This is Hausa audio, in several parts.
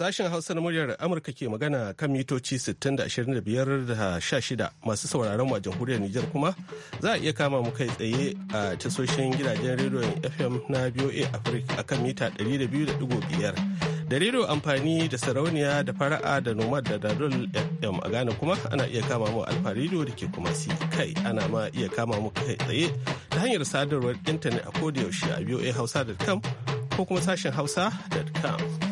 Sashen Hausa na muryar Amurka ke magana kan mitoci 60-25 da 16 masu sauraron mu a jamhuriyar Nijar kuma za a iya kama mu kai tsaye a tasoshin gidajen rediyon FM na BOA Africa a kan mita 200.5 da rediyo amfani da sarauniya da fara'a da nomad da dadol FM a Ghana kuma ana iya kama mu alfa rediyo da ke kuma si kai ana ma iya kama mu kai tsaye ta hanyar sadarwar intanet a yaushe a boahausa.com ko kuma sashen hausa.com.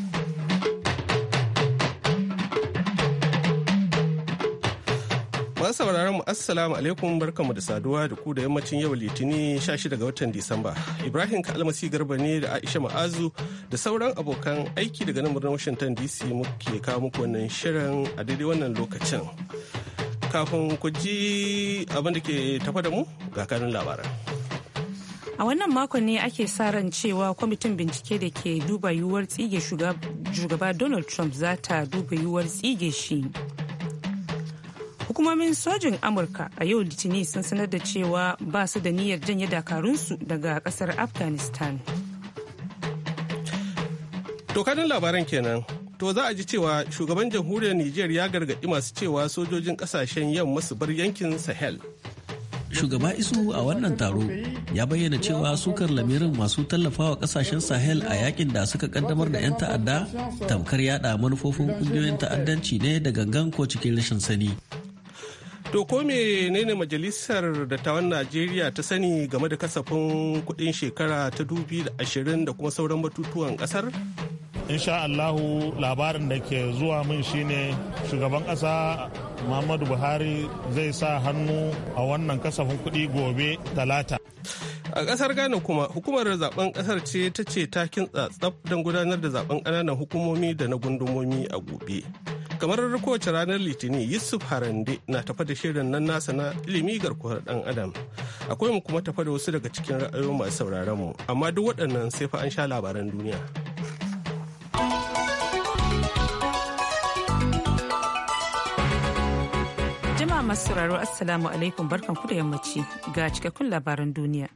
Masu sauraron mu assalamu alaikum barkamu da saduwa da ku da yammacin yau litinin 16 ga watan Disamba. Ibrahim Kalmasi Garba ne da Aisha Ma'azu da sauran abokan aiki daga nan birnin Washington DC muke kawo muku wannan shirin a daidai wannan lokacin. Kafin ku ji abin da ke tafa da mu ga kanun labaran. A wannan makon ne ake sa ran cewa kwamitin bincike da ke duba yiwuwar tsige shugaba Donald Trump za ta duba yiwuwar tsige shi. hukumomin sojin amurka a yau litinin sun sanar da cewa ba su da niyyar janye dakarunsu daga kasar afghanistan tokanin labaran kenan to za a ji cewa shugaban jamhuriyar niger ya gargaɗi masu cewa sojojin ƙasashen yamma su bar yankin sahel shugaba isu a wannan taro ya bayyana cewa sukar lamirin masu tallafawa kasashen sahel a yakin da suka kaddamar da 'yan ta'adda tamkar yada manufofin kungiyoyin ta'addanci ne da gangan ko cikin rashin sani To ko ne majalisar dattawan Najeriya ta sani game da kasafin kuɗin shekara ta 2020 da kuma sauran batutuwan ƙasar? Insha Allahu labarin da ke zuwa min shine shugaban ƙasa Muhammadu Buhari zai sa hannu a wannan kasafin kuɗi gobe talata. A ƙasar Ghana kuma hukumar zaben ƙasar ce ta ce ta kintsa tsaf don gudanar da zaben ƙananan hukumomi da na gundumomi a gobe. kamar kowace ranar litinin yusuf harande na tafa da shirin nan nasa na ilimi garkuwar dan adam akwai mu kuma tafa da wasu daga cikin ra'ayoyin masu sauraron mu amma duk waɗannan sai fa an sha labaran duniya jama'a masu sauraro assalamu alaikum barkan ku da yammaci ga cikakkun labaran duniya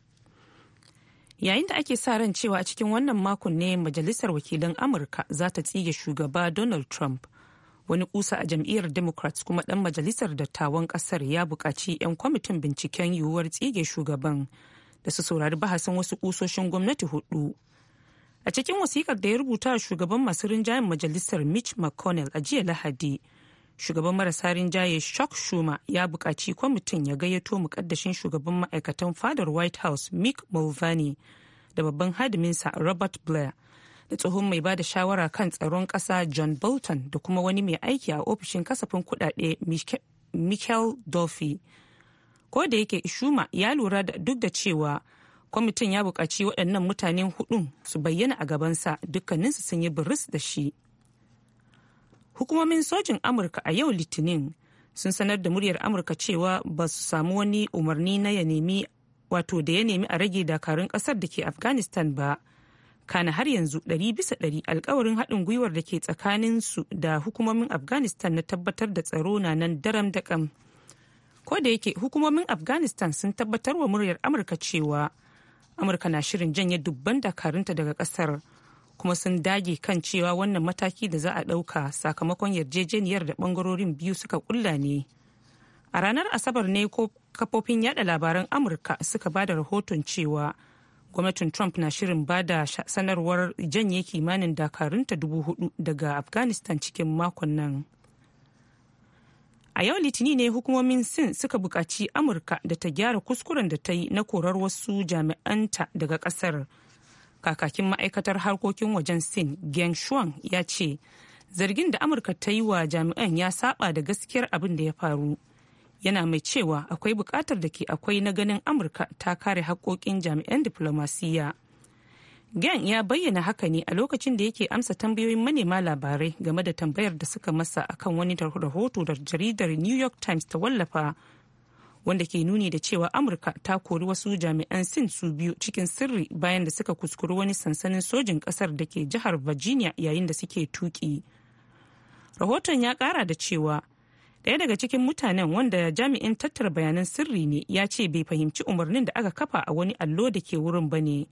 yayin da ake sa ran cewa a cikin wannan makon ne majalisar wakilan amurka za ta tsige shugaba donald trump wani kusa a jam'iyyar democrats kuma dan majalisar dattawan kasar ya buƙaci 'yan kwamitin binciken yiwuwar tsige shugaban da su saurari bahasin wasu kusoshin gwamnati hudu a cikin wasikar da ya rubuta shugaban masu rinjayen majalisar mitch mcconnell a jiya lahadi shugaban marasa rinjaye chuck schumer ya buƙaci kwamitin ya gayyato mukaddashin shugaban ma'aikatan fadar white house mick mulvaney da babban hadiminsa robert blair da tsohon mai bada shawara kan tsaron kasa john bolton da kuma wani mai aiki a ofishin kasafin kudade michael duffy ko da yake ishuma ya lura da duk da cewa kwamitin ya bukaci waɗannan mutanen hudun su bayyana a gabansa dukkaninsu sun yi biris da shi hukumomin sojin amurka a yau litinin sun sanar da muryar amurka cewa ba su samu wani umarni na ya nemi wato da ya nemi a rage dakarun kasar da ke afghanistan ba kana har yanzu ɗari bisa ɗari alkawarin haɗin gwiwar da ke tsakanin su da hukumomin afghanistan na tabbatar da tsaro na nan daram da kam ko da yake hukumomin afghanistan sun tabbatar wa muryar amurka cewa amurka na shirin janye dubban dakarunta daga kasar kuma sun dage kan cewa wannan mataki da za a ɗauka sakamakon yarjejeniyar da ɓangarorin biyu suka kulla ne a ranar asabar ne ko kafofin yada labaran amurka suka ba da rahoton cewa gwamnatin trump na shirin ba da sanarwar janye kimanin dakarunta dubu hudu daga afghanistan cikin makon nan a yau litinin ne hukumomin sin suka buƙaci amurka da ta gyara kuskuren da ta yi na korar wasu jami'anta daga ƙasar kakakin ma'aikatar harkokin wajen sin geng shuang ya ce zargin da amurka ta yi wa jami'an ya saba da gaskiyar abin da ya faru yana mai cewa akwai bukatar da ke akwai na ganin amurka ta kare haƙoƙin jami'an diflomasiyya gen ya bayyana haka ne a lokacin da yake amsa tambayoyin manema labarai game da tambayar da suka masa akan wani rahoto da jaridar new york times ta wallafa wanda ke nuni da cewa amurka ta kori wasu jami'an sin su biyu cikin sirri bayan da suka kuskuri wani sansanin sojin kasar da ke jihar virginia yayin da suke tuki rahoton ya kara da cewa Daya daga cikin mutanen wanda jami'in tattara bayanan sirri ne ya ce bai fahimci umarnin da aka kafa a wani allo da ke wurin ba ne.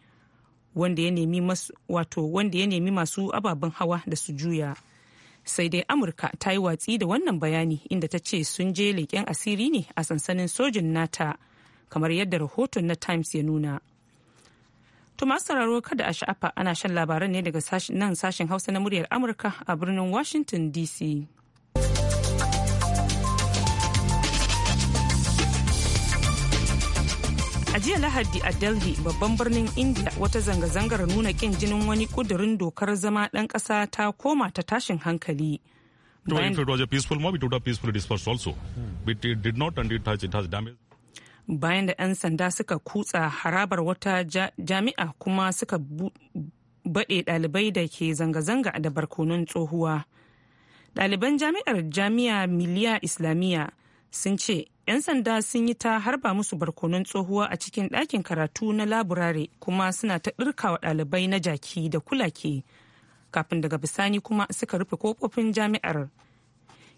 Wanda ya nemi masu ababen hawa da su juya. Sai dai Amurka ta yi watsi da wannan bayani inda ta ce sun je leƙen asiri ne a sansanin sojin nata kamar yadda rahoton na Times ya nuna. To masu sauraro kada a sha'afa ana shan labaran ne daga nan sashen Hausa na muryar Amurka a birnin Washington DC. jiya Lahadi a Delhi babban birnin India wata zanga-zangar nuna kin jinin wani kudurin dokar zama ɗan ƙasa ta koma ta tashin hankali. Bayan da 'yan sanda suka kutsa harabar wata jami'a kuma suka baɗe ɗalibai da ke zanga-zanga da barkonon tsohuwa. Ɗaliban jami'ar jami'a Miliya Islamiyya sun ce 'yan sanda sun yi ta harba musu barkonon tsohuwa a cikin ɗakin karatu na laburare kuma suna ta ɗirkawa ɗalibai na jaki da kulake kafin daga bisani kuma suka rufe kofofin jami'ar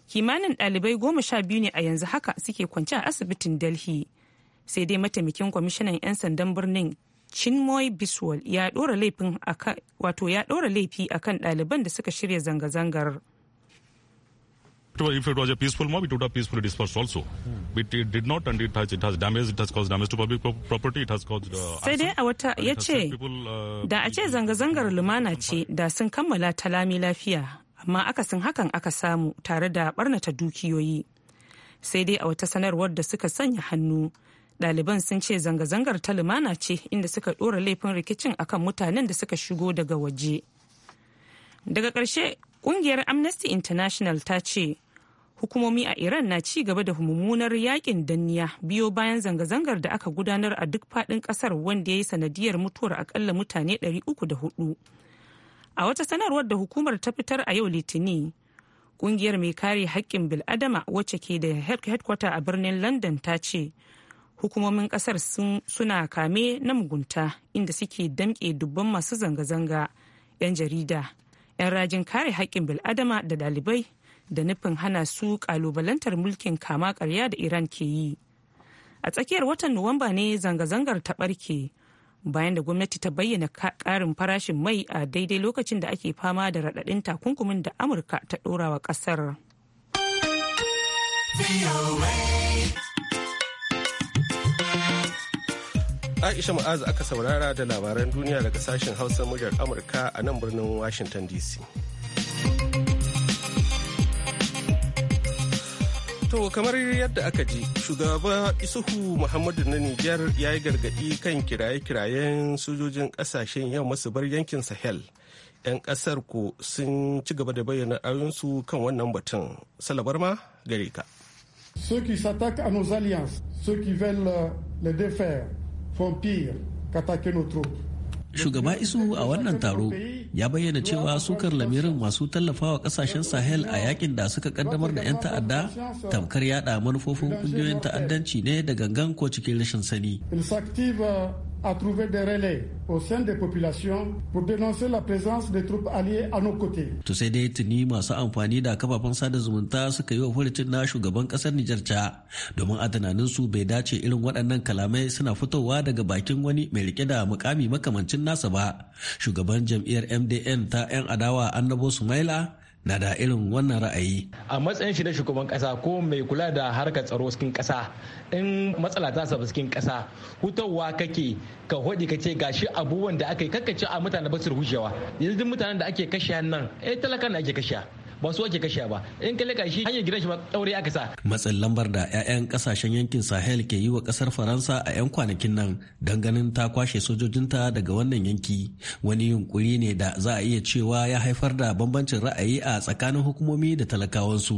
kimanin ɗalibai goma sha biyu ne a yanzu haka suke kwance a asibitin delhi sai dai mataimakin kwamishinan 'yan sandan birnin chinmoy biswal ya ɗora laifi akan ɗaliban da suka shirya zanga-zangar It if it was a peaceful mob, it would have peacefully dispersed also. Hmm. It, it, did not, and it has, it has damaged, it has caused damage to public property, it has caused. Uh, Sai dai a wata ya uh, da a ce zanga-zangar lumana ce da sun kammala ta lami lafiya, amma akasin hakan aka samu tare da barnata dukiyoyi. Sai dai a wata sanarwar da suka sanya hannu, ɗaliban sun ce zanga-zangar ta lumana ce inda suka ɗora laifin rikicin akan mutanen da suka shigo daga waje. Daga ƙarshe, ƙungiyar Amnesty International ta ce, hukumomi a iran na ci gaba da mummunar yakin danniya biyo bayan zanga-zangar da aka gudanar a duk fadin kasar wanda ya yi sanadiyar mutuwar akalla mutane 304 a wata sanarwar da hukumar ta fitar a yau litinin kungiyar mai kare haƙƙin bil'adama wacce ke da headquarter a birnin london ta ce hukumomin kasar suna kame na mugunta inda suke damƙe dubban masu zanga-zanga 'yan jarida 'yan rajin kare haƙƙin bil'adama da ɗalibai da nufin hana su kalubalantar mulkin kama karya da iran ke yi a tsakiyar watan nuwamba ne zanga-zangar ta barke bayan da gwamnati ta bayyana karin farashin mai a daidai lokacin da ake fama da raɗaɗin takunkumin da amurka ta ɗora wa ƙasar aisha mu'azu aka saurara da labaran duniya daga sashen hausa muryar amurka a nan birnin washington dc To kamar yadda aka ji, shugaba Isuhu Muhammadu na Nijar ya yi gargadi kan kiraye-kirayen sojojin ƙasashen yamma masu bar yankin Sahel. 'Yan kasar ko sun ci gaba da bayyana ra'ayoyinsu kan wannan batun. Salabar ma gare ka. Ceux qui s'attaquent à nos alliances, ceux qui veulent euh, les défaire, font pire qu'attaquer nos troupes. shugaba isu a wannan taro ya bayyana cewa sukar lamirin masu tallafawa kasashen sahel a yakin da suka kaddamar da 'yan ta'adda tamkar yada manufofin kungiyoyin ta'addanci ne da gangan ko cikin rashin sani à trouver des relais au sein des populations pour dénoncer la présence des troupes alliées à nos côtés. To sai dai tuni masu amfani da kafafen sada zumunta suka yi wa furucin na shugaban kasar Nijar ca domin a tunanin su bai dace irin waɗannan kalamai suna fitowa daga bakin wani mai rike da mukami makamancin nasa ba. Shugaban jam'iyyar MDN ta 'yan adawa Annabo Sumaila na da irin wannan ra'ayi. A matsayin shi na shugaban kasa ko mai kula da harkar tsaro cikin kasa in matsala ta saba cikin kasa hutawa kake ka hodi ka ce gashi abubuwan da aka yi kakkace a mutane ba su rushewa yanzu mutanen da ake kashe nan eh talaka da ake kashe ba su ake kashe ba in ka leka shi hanyar gidan shi ba aure aka sa matsin lambar da 'ya'yan kasashen yankin sahel ke yi wa kasar faransa a 'yan kwanakin nan don ganin ta kwashe sojojinta daga wannan yanki wani yunkuri ne da za a iya cewa ya haifar da bambancin ra'ayi a tsakanin hukumomi da talakawansu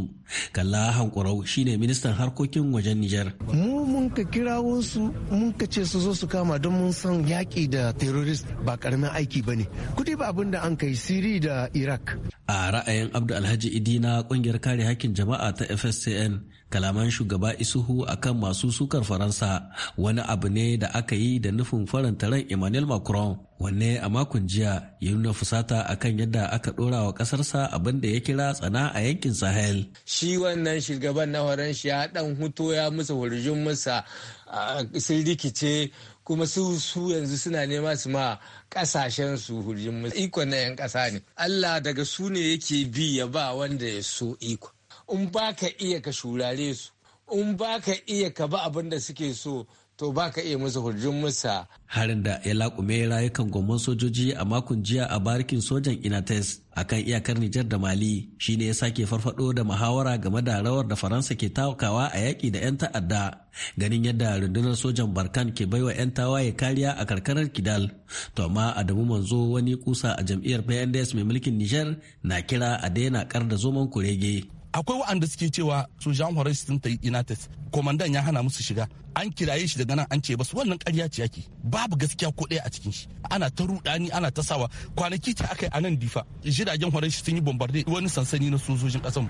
kalla hankurau shine ministan harkokin wajen nijar mu mun ka kirawo su mun ka ce su zo su kama don mun san yaƙi da terrorist ba karamin aiki ba ne kudi ba abin da an kai siri da iraq a ra'ayin abdu Alhaji Idi na kungiyar kare hakkin jama'a ta FSCN kalaman shugaba Isuhu akan masu sukar Faransa wani abu ne da aka yi da nufin faranta ran Emmanuel Macron wanne a makon jiya ya nuna fusata akan yadda aka dora wa kasarsa abin da ya kira tsana a yankin Sahel. Shi wannan shugaban na Faransa ya dan huto ya musa hurjin musa sun rikice kuma su su yanzu suna nema su ma kasashen su hurjin ikon na 'yan kasa ne Allah daga su ne yake bi ya ba wanda ya so iko in ba ka iya ka shurare su in baka iya ka ba abin da suke so to ba ka iya musu hujjun musa. Harin da ya laƙume rayukan gomman sojoji a makon jiya a barikin sojan Inates a kan iyakar Nijar da Mali shi ne ya sake farfado da muhawara game da rawar da Faransa ke takawa a yaƙi da 'yan ta'adda ganin yadda rundunar sojan Barkan ke baiwa 'yan tawaye kariya a karkarar Kidal. To amma a Adamu Manzo wani kusa a jam'iyyar PNDS mai mulkin Nijar na kira a daina kar da zoman kurege. akwai waɗanda suke cewa sojan Jean Horace sun ta yi Inates komandan ya hana musu shiga an kiraye shi daga nan an ce basu wannan ƙarya ce yake babu gaskiya ko ɗaya a cikin shi ana ta rudani ana ta sawa kwanaki ta akai a nan difa jiragen horon shi sun yi bombarde wani sansani na sojojin ƙasar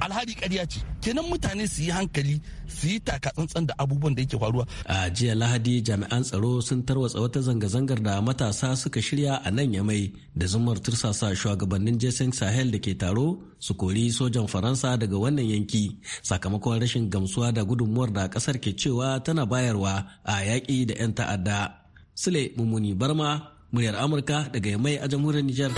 alhari ƙarya ce kenan mutane su yi hankali su yi taka tsantsan da abubuwan da yake faruwa a jiya lahadi jami'an tsaro sun tarwatsa wata zanga-zangar da matasa suka shirya a nan yamai da zumar tursasa shugabannin jesen sahel da ke taro su kori sojan faransa daga wannan yanki sakamakon rashin gamsuwa da gudu gudunmuwar da kasar ke cewa tana bayarwa a yaƙi da 'yan ta'adda. Sule Mummuni Barma, muryar Amurka daga mai a jamhuriyar Nijar.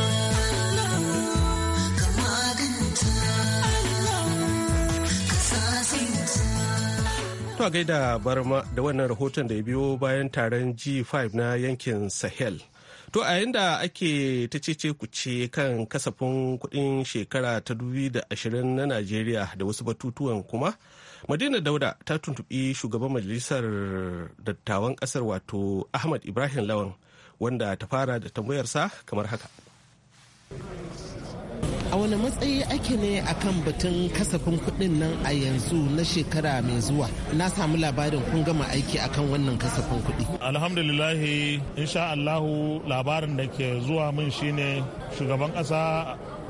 To gaida barma da wannan rahoton da ya biyo bayan taron G5 na yankin Sahel. To a yayin da ake ta cece ce kan kasafin kuɗin shekara ta 2020 na Najeriya da wasu batutuwan kuma madina dauda ta tuntuɓi shugaban majalisar dattawan ƙasar wato ahmad ibrahim lawan wanda ta fara da tambayarsa kamar haka a wani matsayi ake ne akan batun kasafin kuɗi nan a yanzu na shekara mai zuwa na samu labarin kun gama aiki akan wannan kasafin kuɗi alhamdulillahi insha allahu labarin da ke zuwa min shine shugaban ƙasa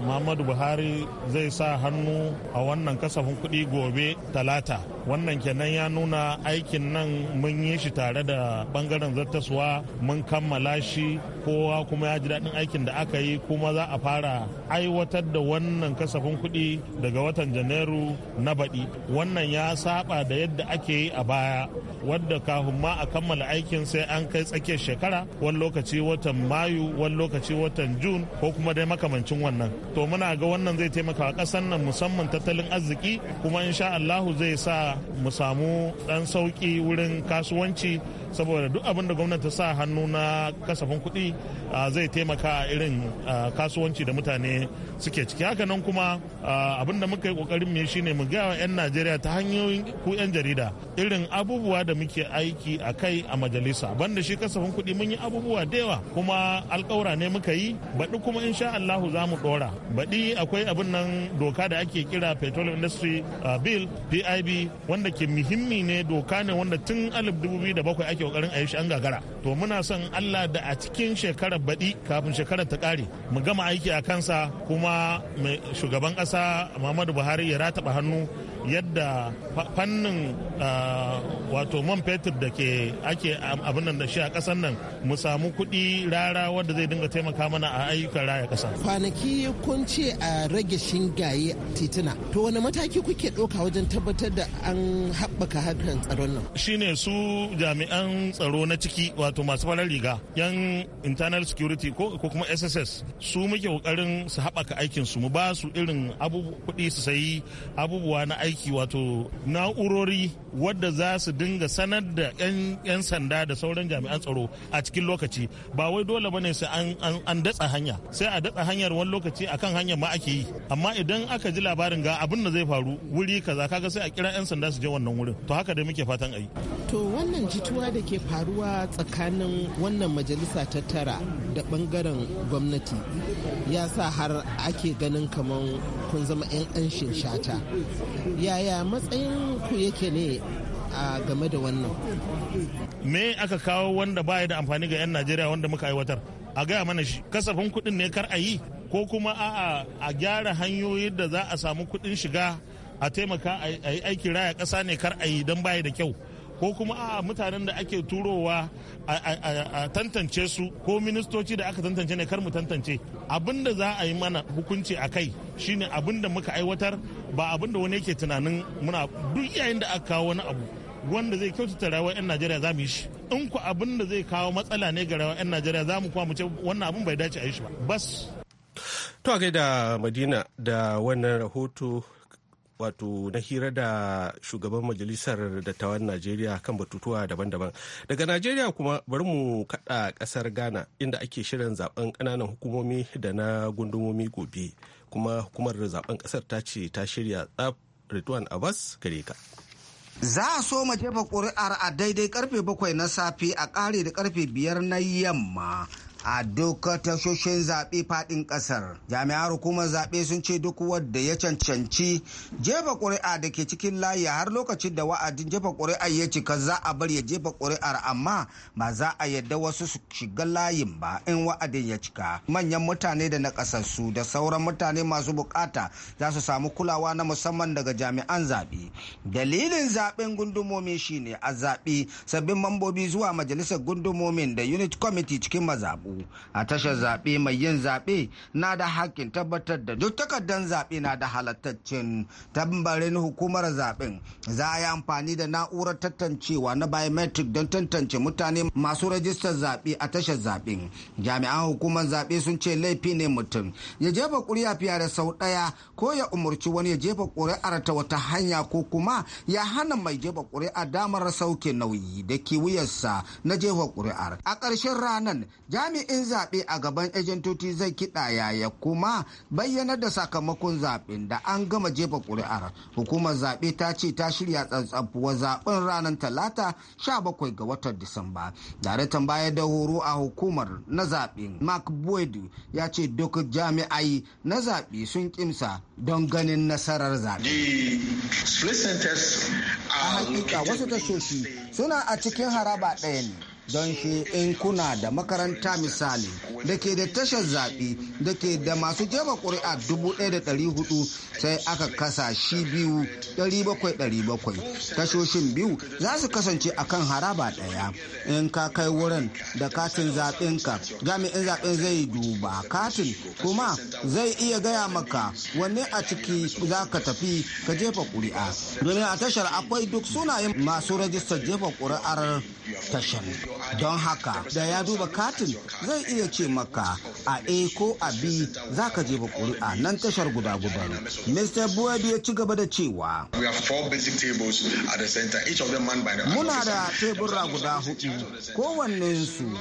muhammadu buhari zai sa hannu a wannan kasafin kuɗi gobe talata wannan kenan ya nuna aikin nan mun yi shi tare da bangaren zartaswa mun kammala shi kowa kuma ya ji daɗin aikin da aka yi kuma za a fara aiwatar da wannan kasafin kuɗi daga watan janairu na baɗi wannan ya saba da yadda ake yi a baya wadda kafin ma a kammala aikin sai an kai tsakiyar shekara wani lokaci watan mayu wani lokaci watan jun ko kuma dai makamancin wannan to muna ga wannan zai taimaka kasan nan musamman tattalin arziki kuma insha Allahu zai sa mu samu dan sauki wurin kasuwanci saboda duk abin da gwamnati ta sa hannu na kasafin kuɗi zai taimaka irin kasuwanci da mutane suke ciki haka nan kuma abin da muka yi kokarin mu shine mu ga 'yan Najeriya ta hanyoyin ku 'yan jarida irin abubuwa da muke aiki a kai a majalisa banda shi kasafin kuɗi mun yi abubuwa da yawa kuma alƙawura ne muka yi baɗi kuma insha Allahu za mu ɗora baɗi akwai abin nan doka da ake kira petroleum industry uh, bill pib wanda ke muhimmi ne doka ne wanda tun 2007 ake kokarin a yi shi an gagara to muna son allah da a cikin shekarar baɗi kafin shekarar ta ƙare mu gama aiki a kansa kuma shugaban ƙasa muhammadu buhari ya rataba hannu yadda fannin uh, wato man fetur da ke ake abin nan da shi a ƙasar nan mu samu kuɗi rara wadda zai dinga taimaka mana a ayyukan raya ƙasa. kwanaki kun ce a rage shingaye tituna to wani mataki kuke ɗauka wajen tabbatar da an haɓaka harkar tsaron nan. shine su jami'an tsaro na ciki wato masu farar riga yan internal security ko kuma sss su muke ƙoƙarin su haɓaka aikinsu mu ba su irin kuɗi su sayi abubuwa na aiki aiki wato na'urori wadda za su dinga sanar da 'yan sanda da sauran jami'an tsaro a cikin lokaci ba wai dole bane sai an datsa hanya sai a datsa hanyar wani lokaci akan hanyar ma ake yi amma idan aka ji labarin ga abin da zai faru wuri kaza kaga sai a kira 'yan sanda su je wannan wurin to haka dai muke fatan ayi to wannan jituwa da ke faruwa tsakanin wannan majalisa ta tara da bangaren gwamnati ya sa har ake ganin kamar kun zama 'yan anshin shata yaya matsayin ku yake ne a game da wannan me aka kawo wanda baya da amfani ga 'yan najeriya wanda muka aiwatar a gaya mana shi kasafin kuɗin ne kar a yi ko kuma a'a a gyara hanyoyi da za a samu kuɗin shiga a taimaka a yi aiki raya kasa ne kar a yi don baya da kyau ko kuma a mutanen da ake turowa a tantance su ko ministoci da aka tantance ne kar mu tantance abin da za a yi mana hukunci a kai shine abin da muka aiwatar ba abin da wani yake tunanin muna duk yayin da aka kawo wani abu wanda zai kyautata rayuwar 'yan najeriya za mu yi shi in ku abin da zai kawo matsala ne ga rayuwar 'yan najeriya za mu mu ce wannan abin bai dace a yi shi ba bas to a gaida madina da wannan rahoto wato na hira da shugaban majalisar dattawan najeriya kan batutuwa daban-daban daga najeriya kuma bari mu kada kasar ghana inda ake shirin zaben kananan hukumomi da na gundumomi gobe kuma hukumar zaben kasar ta ce ta shirya tsaf ritwan abbas gare ka Za a so ma jefa ƙuri'ar a daidai karfe bakwai na safe a kare da karfe biyar na yamma a duka tashoshin zaɓe faɗin ƙasar. Jami'an hukumar zaɓe sun ce duk wadda ya cancanci jefa ƙuri'a da ke cikin layi har lokacin da wa'adin jefa ƙuri'a ya cika za a bar ya jefa ƙuri'ar amma ba za a yadda wasu su shiga layin ba in wa'adin ya cika. Manyan mutane da na ƙasar su, da sauran mutane masu buƙata, za su samu kulawa na musamman daga jami'an zaɓe. Dalilin zaɓen gundumomi shine a zaɓe sabbin mambobi zuwa majalisar gundumomin da unit committee cikin mazaɓu. uku a tashar zaɓe mai yin zaɓe na da hakkin tabbatar da duk takardar zaɓe na da halattaccen tambarin hukumar zaɓen za a yi amfani da na'urar tantancewa na biometric don tantance mutane masu rajistar zaɓe a tashar zaɓe, jami'an hukumar zaɓe sun ce laifi ne mutum ya jefa ƙuri'a fiye da sau ɗaya ko ya umarci wani ya jefa ƙuri'ar ta wata hanya ko kuma ya hana mai jefa ƙuri'a damar sauke nauyi da ke na jefa ƙuri'ar a ƙarshen ranar jami'in in zaɓe a gaban ejentoti zai kiɗa yaya kuma bayyanar da sakamakon zaɓen da an gama jefa ƙuri'ar hukumar zaɓe ta ce ta shirya tsantsafuwa zaɓen ranar talata 17 ga watan disamba daraktan bayar da horo a hukumar na zaɓen mark boyd ya ce duk jami'ai na zaɓe sun kimsa don ganin nasarar zaɓe uh, a hakika wasu tashoshi suna a cikin haraba ɗaya ne don shi in kuna da makaranta misali da ke da tashar zaɓe da ke da masu jefa ƙuri'a 1,400 sai aka kasa shi biyu 700-700 tashoshin biyu za su kasance a kan haraba ɗaya in ka kai wurin da katin ka jami'in zaɓen zai duba katin kuma zai iya gaya maka wanne a ciki za ka tafi ka jefa ƙuri'a domin a tashar akwai duk sunayen masu rajistar jefa ƙuri'ar tashar don haka da ya duba katin zai iya ce maka a a ko a b za ka jefa ƙuri'a nan tashar guda guda mr buwadi ya ci gaba da cewa muna da tebura guda hudu kowanne su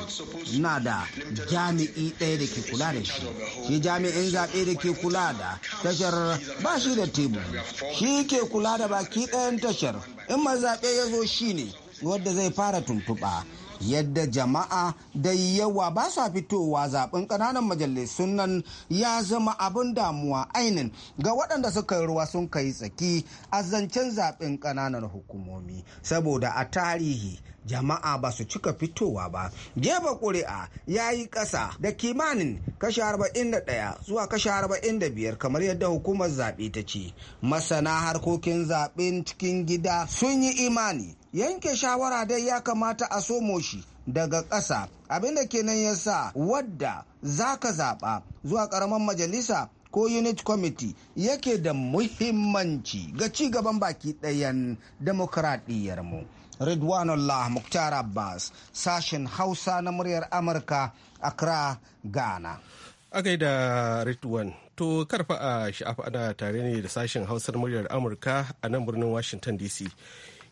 na da jami'i ɗaya da ke kula da shi shi jami'in zaɓe da ke kula da tashar ba shi da tebur shi ke kula da baki ɗayan tashar in mazaɓe ya zo shi ne wadda zai fara tuntuɓa yadda jama'a da yawa ba sa fitowa zaben ƙananan majalisun nan ya zama abin damuwa ainin ga waɗanda suka yi ruwa sun kai tsaki a zancen zaben ƙananan hukumomi saboda a tarihi jama'a ba su cika fitowa ba jefa ƙuri'a ya yi ƙasa da kimanin kashi 41 zuwa kashi 45 kamar yadda hukumar zaɓe ta ce masana harkokin zaɓen cikin gida sun yi imani yanke shawara dai ya kamata a somo shi daga ƙasa abinda kenan ya sa wadda za ka zaɓa zuwa ƙaramin majalisa ko unit committee yake da muhimmanci ga ci gaban baki ɗayan mu. Ridwanullah Muktar Abbas sashen Hausa na muryar Amurka Accra Ghana. A gaida Ridwan, to karfa a sha'afa ana tare ne da sashen Hausar muryar Amurka a nan birnin Washington DC.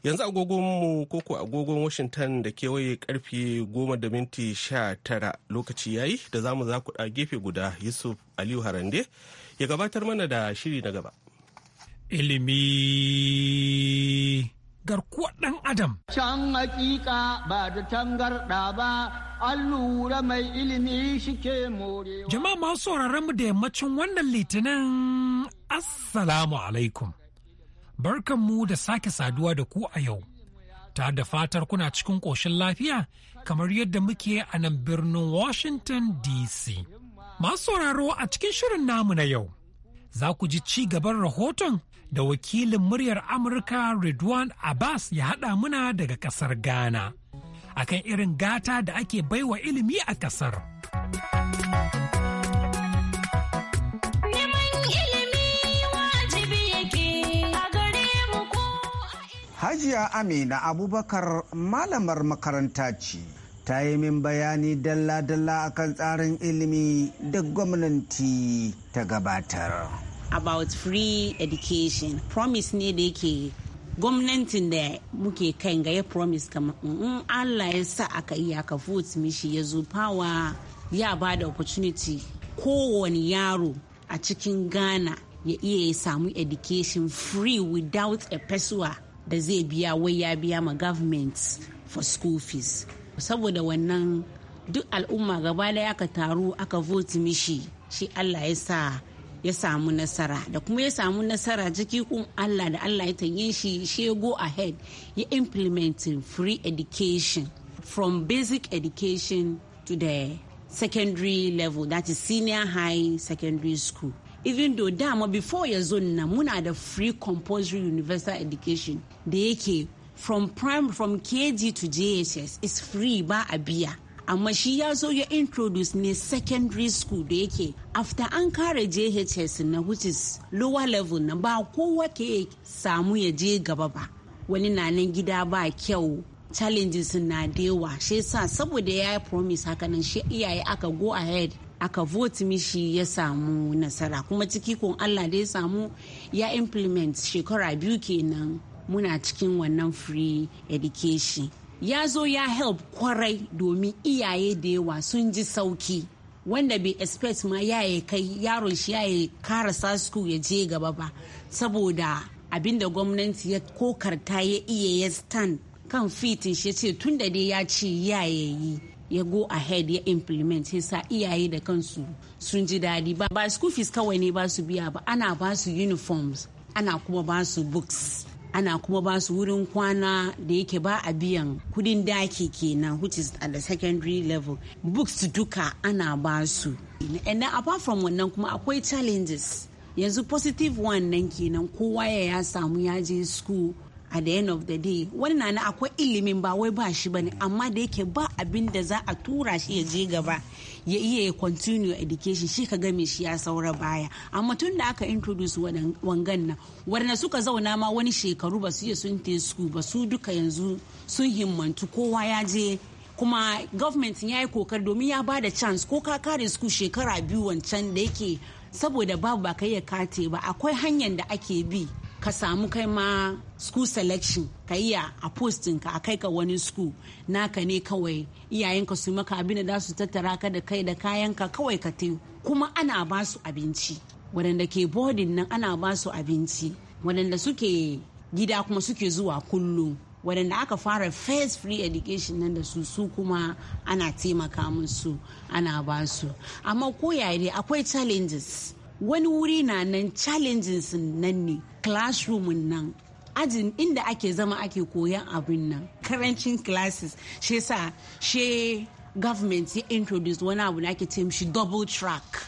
yanzu agogon agogonmu koko agogon washington da kewaye karfe goma da minti sha tara lokaci yayi da zamu za ku gefe guda yusuf aliyu harande ya gabatar mana da shiri na gaba ilimi garkuwa dan adam can hakika ba da tangarda ba allura mai ilimi shike morewa jama'a masu sauraron mu da yammacin wannan litinin assalamu alaikum barkanmu da sake saduwa da ku a yau. Ta da fatar kuna cikin ƙoshin lafiya kamar yadda muke a nan birnin Washington DC. Masu sauraro a cikin shirin namu na yau, za ku ji ci gaban rahoton da wakilin muryar Amurka Ridwan Abbas ya haɗa muna daga ƙasar Ghana. Akan irin gata da ake baiwa ilimi a ƙasar. Hajiya Amina Abubakar malamar makaranta ce ta yi min bayani dalla-dalla akan tsarin ilimi da gwamnati ta gabatar. About free education, promise ne da yake gwamnatin da muke kai ga ya promise kama mm, in Allah ya sa aka yi aka vote mishi ya zufawa ya ba da opportunity kowane yaro a cikin Ghana ya iya samu education free without a pesuwa da zai biya wai ya biya ma government for school fees saboda wannan duk al'umma gaba ya ka taru aka vote mishi shi allah ya sa ya samu nasara da kuma ya samu nasara jiki kun allah da allah ya tanye shi she go ahead ya implementing free education from basic education to the secondary level that is senior high secondary school even though dama before ya zo nan muna da free compulsory universal education da yake from prime from kg to jhs is free ba a biya amma shi ya zo ya introduce ne secondary school da yake after an kare jhs na which is lower level na ba kowa ke samu ya je gaba ba wani na nan gida ba kyau challenges na dewa shi sa saboda ya yi promise hakanan shi iyaye aka go ahead aka vote mishi ya samu nasara kuma ciki kun allah da ya samu ya implement shekara biyu kenan muna cikin wannan free education ya zo ya help kwarai domin iyaye da yawa sun ji sauki wanda bai expect ma ya yi kai yaron shi ya yi karasa school ya je gaba ba saboda abinda gwamnati ya kokarta ya iya ya stand kan fitin shi ce tun da dai ya ce ya yi ya go ahead ya implement sai sa iyaye da kansu sun ji daɗi ba ba school fees kawai ne ba su biya ba ana ba su uniforms ana kuma ba su books ana kuma ba su wurin kwana da yake ba a biyan kudin daki kenan which is at the secondary level books duka ana ba su and apart from wannan kuma akwai challenges yanzu positive one nan kenan kowa ya ya samu ya je school a the end of the day wani na na akwai ilimin ba wai ba shi bane amma da yake ba abin da za a tura shi ya je gaba ya iya ya continue education shi ka game shi ya saura baya amma tun da aka introduce wangan nan wadanda suka zauna ma wani shekaru ba su iya sun te su ba su duka yanzu sun himmantu kowa ya je kuma government ya yi kokar domin ya ba da chance ko ka kare su shekara biyu wancan da yake saboda babu ba kai ya kate ba akwai hanyar da ake bi ka samu kai ma school selection ka iya a postin ka a kai ka wani school naka ne kawai iyayenka su maka abin da su tattara ka da kai da kayanka kawai ka te kuma ana ba su abinci Wadanda ke boarding nan ana ba su abinci wadanda suke gida kuma suke zuwa kullum wadanda aka fara first free education nan da su su kuma ana taimaka musu ana ba su amma ko akwai challenges wani wuri na nan challenges nan ne classroom nan ajin inda ake zama ake koyan abin nan karancin classes shi sa she government ya introduce wani abu na ake ce mishi double track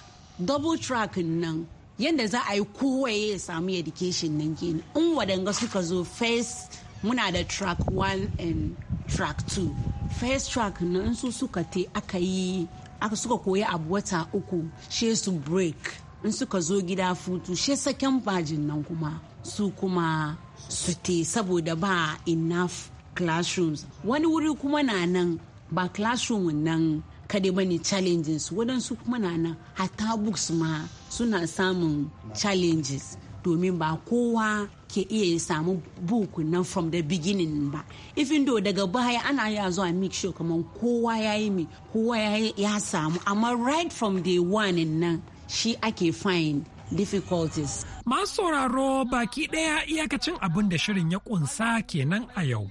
double track nan yadda za a yi kowaye ya samu education nan kenan in wadanga suka zo first muna da track 1 and track 2 first track nan su suka te aka yi aka suka koya abu wata uku she su break in suka zo gida futu she saken bajin nan kuma su kuma su te saboda ba enough classrooms wani wuri kuma na nan ba classroom nan kade ba challenges waɗansu kuma na nan hatta books ma suna samun challenges domin ba kowa ke iya samu buku nan from the beginning ba even though daga baya ana ya zuwa make sure kamar kowa ya yi mi kowa ya samu amma right from day one nan shi ake find difficulties. Masu sauraro baki ɗaya iyakacin abin da shirin ya ƙunsa kenan a yau.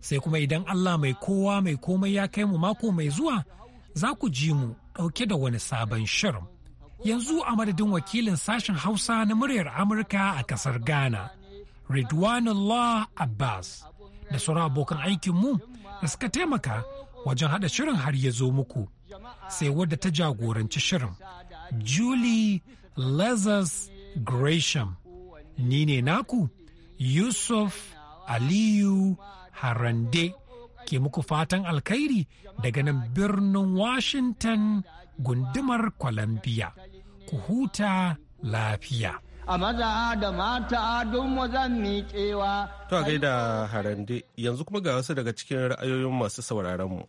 Sai kuma idan Allah mai kowa mai komai ya kai mu mako mai zuwa za ku ji mu ɗauke da wani sabon shirin. Yanzu a madadin wakilin sashen Hausa na muryar Amurka a ƙasar Ghana, Ridwanullah Abbas, da sauran abokan aikinmu da suka taimaka wajen haɗa shirin har ya zo muku, sai wadda ta jagoranci shirin. Julie Lazarus Gresham. Ni ne naku Yusuf Aliyu Harande ke muku fatan alkhairi daga nan birnin Washington gundumar Columbia. Ku huta lafiya. a maza da mata don zan miƙewa. To a gaida harande yanzu kuma ga wasu daga cikin ra'ayoyin masu sauraronmu. mu.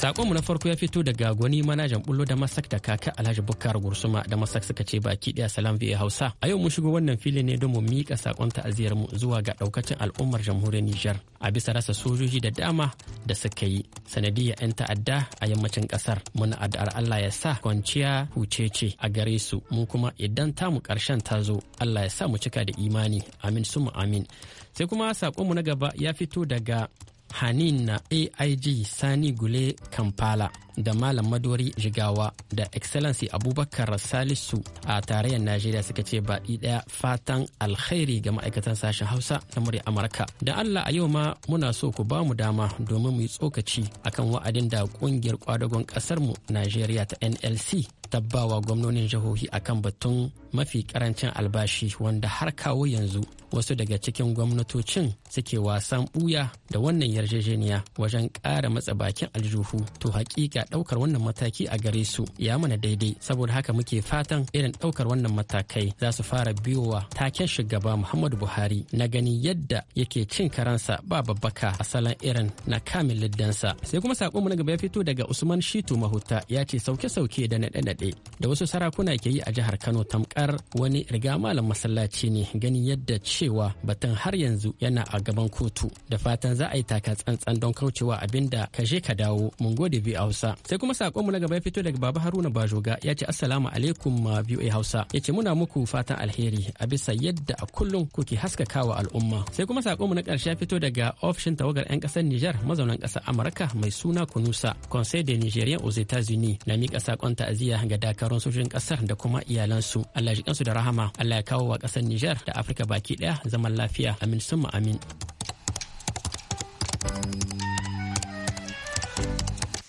Sakonmu na farko ya fito daga gwani manajan bullo da masak da kaka Alhaji bukkar Gursuma da masak suka ce baki daya salam biya Hausa. A yau mun shigo wannan filin ne don mu miƙa sakon ta'aziyar mu zuwa ga daukacin al'ummar jamhuriyar Nijar a bisa rasa sojoji da dama da suka yi sanadiyar 'yan ta'adda a yammacin kasar. Muna addu'ar Allah ya sa kwanciya hucece a gare su mu kuma idan ta mu karshen ta zo Allah ya sa mu cika da imani amin suma amin. Sai kuma sakonmu na gaba ya fito daga hanin na aig sani gule kampala da malam madori jigawa da excellency abubakar salisu a tarayyar najeriya suka ce baɗi ɗaya fatan alkhairi ga ma'aikatan sashen hausa na murya amurka da allah a yau ma muna so ku ba mu dama domin mu yi tsokaci akan wa'adin da ƙungiyar ƙwadagon ƙasarmu najeriya ta nlc tabbawa gwamnonin jihohi akan batun mafi karancin albashi wanda har kawo yanzu wasu daga cikin gwamnatocin suke wasan buya da wannan yarjejeniya wajen ƙara matsa bakin aljuhu to hakika ɗaukar wannan mataki a gare su ya mana daidai saboda haka muke fatan irin ɗaukar wannan matakai za su fara biyowa taken shugaba muhammadu buhari na gani yadda yake cin karansa ba babbaka a salon irin na kamin liddansa sai kuma saƙonmu na gaba ya fito daga usman shitu mahuta ya ce sauke-sauke da naɗe-naɗe da wasu sarakuna ke yi a jihar Kano tamkar wani riga malam masallaci ne ganin yadda cewa batun har yanzu yana a gaban kotu da fatan za a yi taka tsantsan don kaucewa abin da kashe ka dawo mun gode bi Hausa sai kuma sakon mu na gaba ya fito daga Baba Haruna Bajoga ya ce assalamu alaikum ma biyu a Hausa ya ce muna muku fatan alheri a bisa yadda a kullum kuke haskakawa al'umma sai kuma sakon mu na ƙarshe ya fito daga ofishin tawagar 'yan ƙasar Nijar mazaunan ƙasar Amurka mai suna Kunusa Conseil de Nigerian aux États-Unis na miƙa sakon ta'aziyya ga dakarun sojojin kasar da kuma iyalansu Allah ya kansu da rahama Allah ya kawo wa kasar Nijar da Afirka baki daya zaman lafiya amin summa amin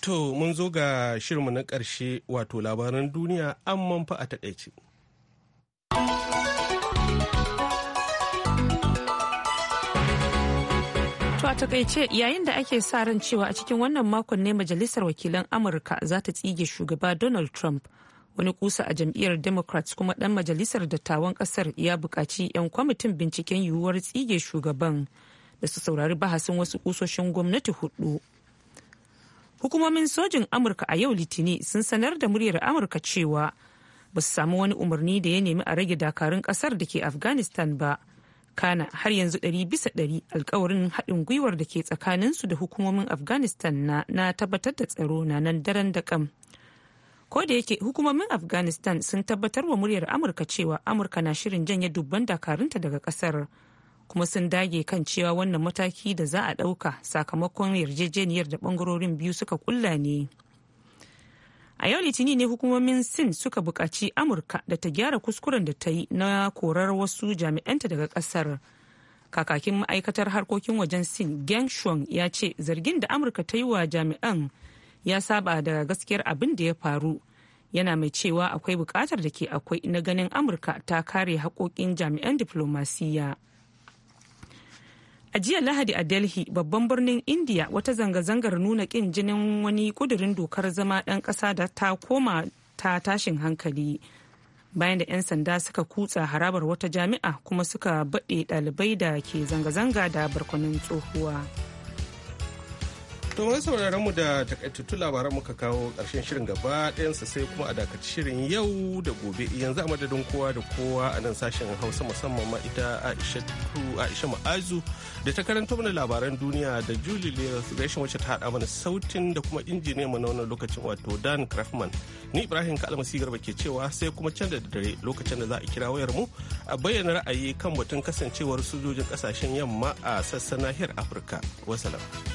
To mun zo ga shirinmu na ƙarshe wato labaran duniya amman fa a taƙaice. To a takaice yayin da ake sa ran cewa a cikin wannan makon ne majalisar wakilan Amurka za ta tsige shugaba Donald Trump. Wani kusa a jam'iyyar Democrats kuma dan majalisar dattawan kasar ya buƙaci 'yan kwamitin binciken yiwuwar tsige shugaban da su saurari bahasin wasu kusoshin gwamnati hudu. Hukumomin sojin Amurka a yau Litini sun sanar da muryar Amurka cewa ba su samu wani umarni da ya nemi a rage dakarun kasar da ke Afghanistan ba. kana har yanzu ɗari bisa ɗari alkawarin haɗin gwiwar da ke tsakaninsu da hukumomin afghanistan na tabbatar da tsaro na nan daren da kam ko da yake hukumomin afghanistan sun tabbatar wa muryar amurka cewa amurka na shirin janye dubban dakarunta daga kasar kuma sun dage kan cewa wannan mataki da za a ɗauka sakamakon yarjejeniyar da ɓangarorin biyu suka kulla ne a yau litinin ne hukumomin sin suka buƙaci amurka da ta gyara kuskuren da ta yi na korar wasu jami'anta daga ƙasar kakakin ma'aikatar harkokin wajen sin geng shuang ya ce zargin da amurka ta yi wa jami'an ya saba da gaskiyar abin da ya faru yana mai cewa akwai bukatar da ke akwai na ganin amurka ta kare haƙoƙin jami'an diflomasiyya. A jiya Lahadi a Delhi babban birnin India wata zanga-zangar nuna ƙin jinin wani ƙudurin dokar zama ɗan ƙasa da ta koma ta tashin hankali. Bayan da 'yan sanda suka kutsa harabar wata jami'a kuma suka baɗe ɗalibai da ke zanga-zanga da barkwanin tsohuwa. To wani sauraron mu da takaitattun labaran muka kawo ƙarshen shirin gaba ɗayansa sai kuma a dakaci shirin yau da gobe yanzu a madadin kowa da kowa a nan sashen Hausa musamman ma ita Aisha Ma'azu da ta karanto mana labaran duniya da Julie Leos gashin wacce ta haɗa mana sautin da kuma injiniya mana wannan lokacin wato Dan Craftman. Ni Ibrahim Kalmasi Garba ke cewa sai kuma can da dare lokacin da za a kira wayar mu a bayyana ra'ayi kan batun kasancewar sojojin kasashen yamma a sassan nahiyar Afirka. Wasalam.